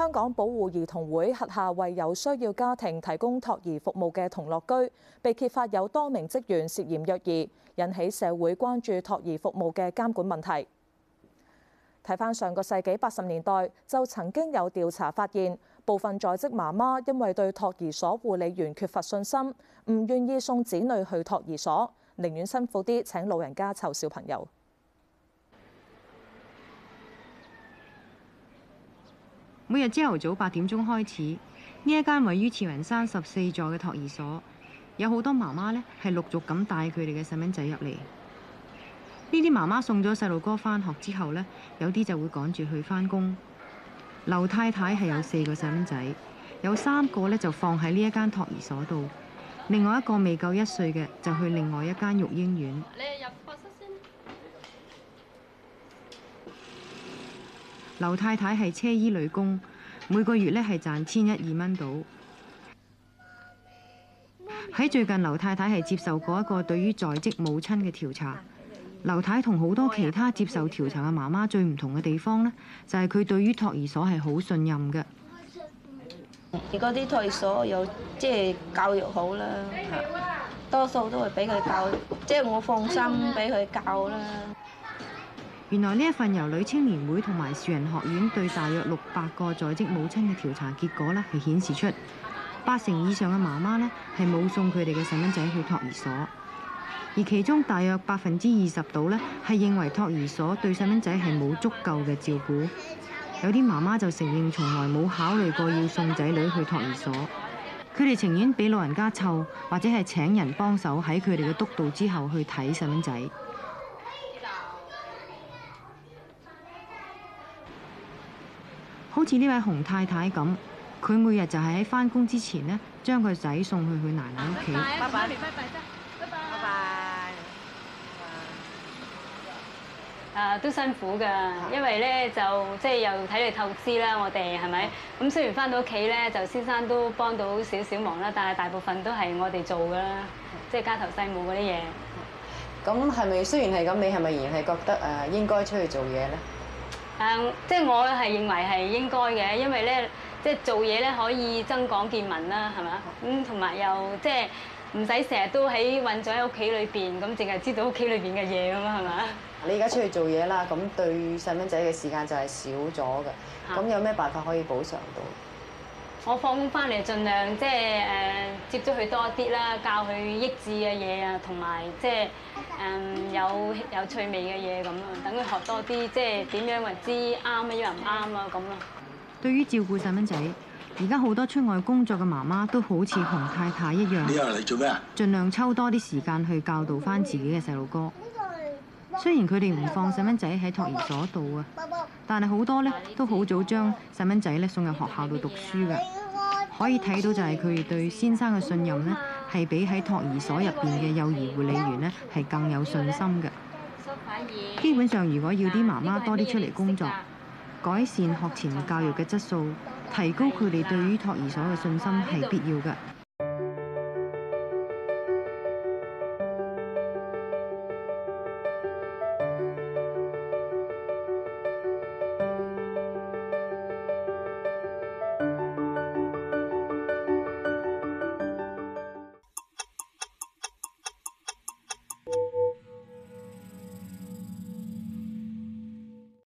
香港保護兒童會轄下為有需要家庭提供托兒服務嘅同樂居，被揭發有多名職員涉嫌虐兒，引起社會關注托兒服務嘅監管問題。睇翻上個世紀八十年代，就曾經有調查發現，部分在職媽媽因為對托兒所護理員缺乏信心，唔願意送子女去托兒所，寧願辛苦啲請老人家湊小朋友。每日朝頭早八點鐘開始，呢一間位於慈雲山十四座嘅托兒所，有好多媽媽咧係陸續咁帶佢哋嘅細蚊仔入嚟。呢啲媽媽送咗細路哥返學之後咧，有啲就會趕住去返工。劉太太係有四個細蚊仔，有三個咧就放喺呢一間托兒所度，另外一個未夠一歲嘅就去另外一間育嬰院。劉太太係車衣女工，每個月咧係賺千一二蚊到。喺最近，劉太太係接受過一個對於在職母親嘅調查。劉太同好多其他接受調查嘅媽媽最唔同嘅地方呢，就係、是、佢對於托兒所係好信任嘅。而嗰啲托兒所有即係、就是、教育好啦，多數都會俾佢教，即、就、係、是、我放心俾佢教啦。原來呢一份由女青年會同埋樹人學院對大約六百個在職母親嘅調查結果呢，係顯示出八成以上嘅媽媽呢係冇送佢哋嘅細蚊仔去托兒所，而其中大約百分之二十度呢，係認為托兒所對細蚊仔係冇足夠嘅照顧。有啲媽媽就承認從來冇考慮過要送仔女去托兒所，佢哋情願俾老人家湊，或者係請人幫手喺佢哋嘅督導之後去睇細蚊仔。好似呢位洪太太咁，佢每日就係喺翻工之前咧，將個仔送去佢奶奶屋企。拜拜，媽媽拜拜，拜拜，拜拜，拜拜。啊，都辛苦噶，因為咧就即係又體力透支啦，我哋係咪？咁的雖然翻到屋企咧，就先生都幫到少少忙啦，但係大部分都係我哋做噶啦，即係的家頭細務嗰啲嘢。咁係咪？雖然係咁，你係咪仍然係覺得誒應該出去做嘢咧？誒，uh, 即係我係認為係應該嘅，因為咧，即係做嘢咧可以增廣見聞啦，係咪？咁同埋又即係唔使成日都喺困咗喺屋企裏邊，咁淨係知道屋企裏邊嘅嘢啊嘛，係咪？你而家出去做嘢啦，咁對細蚊仔嘅時間就係少咗嘅，咁有咩辦法可以補償到？Uh. 我放工翻嚟，盡量即係誒、uh, 接觸佢多啲啦，教佢益智嘅嘢啊，同埋即係誒、um, 有有趣味嘅嘢咁樣。學多啲，即係點樣為之啱啊，依樣唔啱啊，咁啊。對於照顧細蚊仔，而家好多出外工作嘅媽媽都好似熊太太一樣。你做咩啊？盡量抽多啲時間去教導翻自己嘅細路哥。是雖然佢哋唔放細蚊仔喺托兒所度啊，爸爸爸爸，但係好多咧都好早將細蚊仔咧送入學校度讀書㗎。可以睇到就係佢哋對先生嘅信任呢，係比喺托兒所入邊嘅幼兒護理員呢，係更有信心嘅。基本上，如果要啲媽媽多啲出嚟工作，改善學前教育嘅質素，提高佢哋對於托兒所嘅信心，係必要嘅。